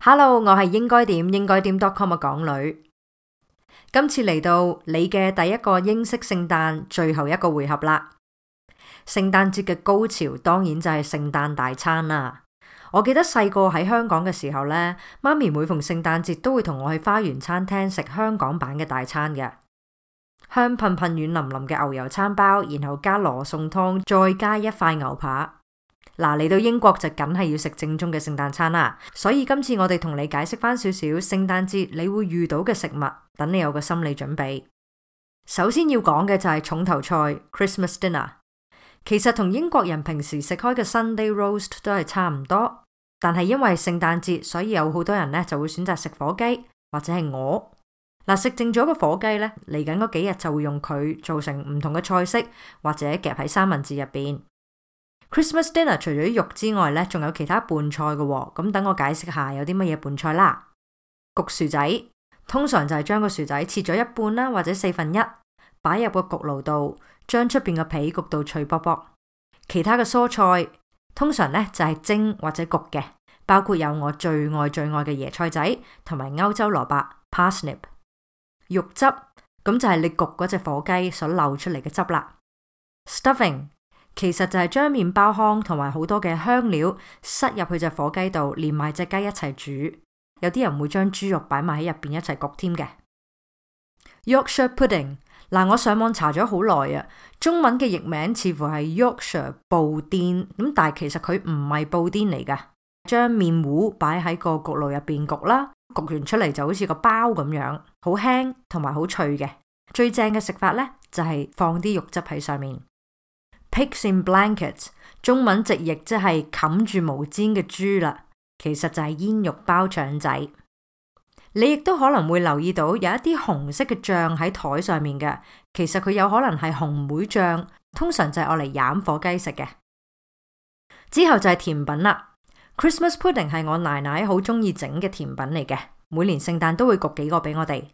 Hello，我係應該點應該點 .com 嘅港女，今次嚟到你嘅第一個英式聖誕最後一個回合啦。聖誕節嘅高潮當然就係聖誕大餐啦。我記得細個喺香港嘅時候呢，媽咪每逢聖誕節都會同我去花園餐廳食香港版嘅大餐嘅，香噴噴軟淋淋嘅牛油餐包，然後加羅宋湯，再加一塊牛扒。嗱，嚟到英國就梗係要食正宗嘅聖誕餐啦，所以今次我哋同你解釋翻少少聖誕節你會遇到嘅食物，等你有個心理準備。首先要講嘅就係重頭菜 Christmas dinner，其實同英國人平時食開嘅 Sunday roast 都係差唔多，但係因為係聖誕節，所以有好多人咧就會選擇食火雞或者係鵝。嗱，食剩咗個火雞咧，嚟緊嗰幾日就會用佢做成唔同嘅菜式，或者夾喺三文治入邊。Christmas dinner 除咗肉之外咧，仲有其他拌菜嘅，哦，咁等我解釋下有啲乜嘢拌菜啦。焗薯仔通常就係將個薯仔切咗一半啦，或者四分一，擺入個焗爐度，將出邊嘅皮焗到脆卜卜。其他嘅蔬菜通常咧就係蒸或者焗嘅，包括有我最愛最愛嘅椰菜仔，同埋歐洲蘿蔔 （parsnip）。肉汁咁就係你焗嗰隻火雞所漏出嚟嘅汁啦。Stuffing。其實就係將麵包糠同埋好多嘅香料塞入去隻火雞度，連埋隻雞一齊煮。有啲人會將豬肉擺埋喺入邊一齊焗添嘅。Yorkshire pudding，嗱我上網查咗好耐啊，中文嘅譯名似乎係 Yorkshire 布甸，咁但其實佢唔係布甸嚟㗎。將麵糊擺喺個焗爐入邊焗啦，焗完出嚟就好似個包咁樣，好輕同埋好脆嘅。最正嘅食法呢，就係放啲肉汁喺上面。Pigs in blankets，中文直譯即係冚住毛氈嘅豬啦。其實就係煙肉包腸仔。你亦都可能會留意到有一啲紅色嘅醬喺台上面嘅，其實佢有可能係紅莓醬，通常就係我嚟醃火雞食嘅。之後就係甜品啦，Christmas pudding 係我奶奶好中意整嘅甜品嚟嘅，每年聖誕都會焗幾個俾我哋。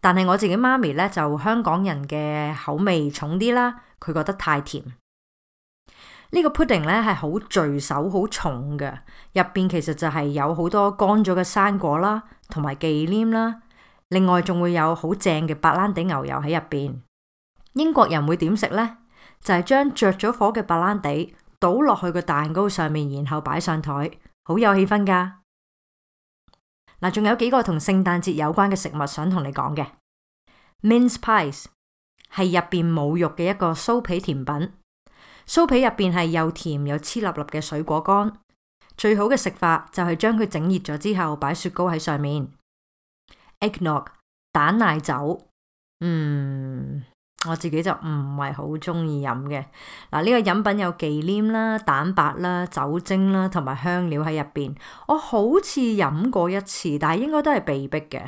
但係我自己媽咪呢，就香港人嘅口味重啲啦，佢覺得太甜。呢個 pudding 咧，係好聚首、好重嘅，入邊其實就係有好多乾咗嘅生果啦，同埋忌廉啦，另外仲會有好正嘅白蘭地牛油喺入邊。英國人會點食咧？就係將着咗火嘅白蘭地倒落去個蛋糕上面，然後擺上台，好有氣氛噶。嗱，仲有幾個同聖誕節有關嘅食物想同你講嘅，mince pies 係入邊冇肉嘅一個酥皮甜品。酥皮入邊係又甜又黐粒粒嘅水果乾，最好嘅食法就係將佢整熱咗之後，擺雪糕喺上面。Eggnog 蛋奶酒，嗯，我自己就唔係好中意飲嘅。嗱，呢個飲品有忌廉啦、蛋白啦、酒精啦同埋香料喺入邊，我好似飲過一次，但係應該都係被逼嘅。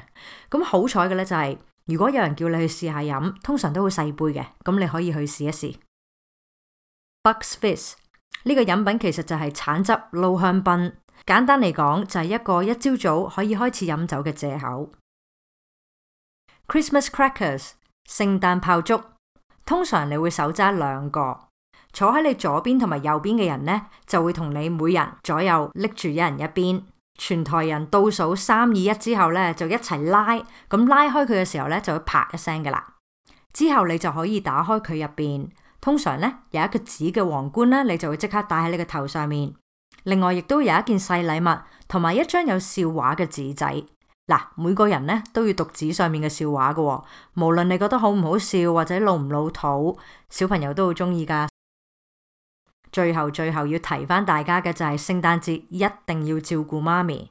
咁好彩嘅咧就係，如果有人叫你去試下飲，通常都會細杯嘅，咁你可以去試一試。Bucks Fizz 呢個飲品其實就係橙汁撈香檳。簡單嚟講就係一個一朝早可以開始飲酒嘅借口。Christmas Crackers 聖誕炮竹，通常你會手揸兩個，坐喺你左邊同埋右邊嘅人呢就會同你每人左右拎住一人一邊。全台人倒數三二一之後呢就一齊拉，咁拉開佢嘅時候呢就會啪一聲噶啦。之後你就可以打開佢入邊。通常咧有一個紙嘅皇冠啦，你就會即刻戴喺你個頭上面。另外亦都有一件細禮物同埋一張有笑話嘅紙仔嗱，每個人咧都要讀紙上面嘅笑話噶喎，無論你覺得好唔好笑或者老唔老土，小朋友都好中意噶。最後最後要提翻大家嘅就係聖誕節一定要照顧媽咪。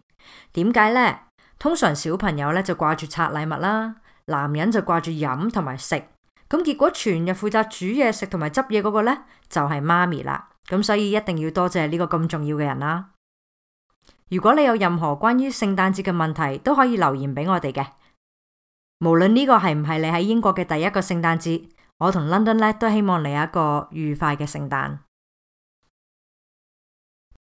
點解咧？通常小朋友咧就掛住拆禮物啦，男人就掛住飲同埋食。咁結果全日負責煮嘢食同埋執嘢嗰個咧就係媽咪啦，咁所以一定要多謝呢個咁重要嘅人啦。如果你有任何關於聖誕節嘅問題，都可以留言俾我哋嘅。無論呢個係唔係你喺英國嘅第一個聖誕節，我同 London 呢都希望你有一個愉快嘅聖誕。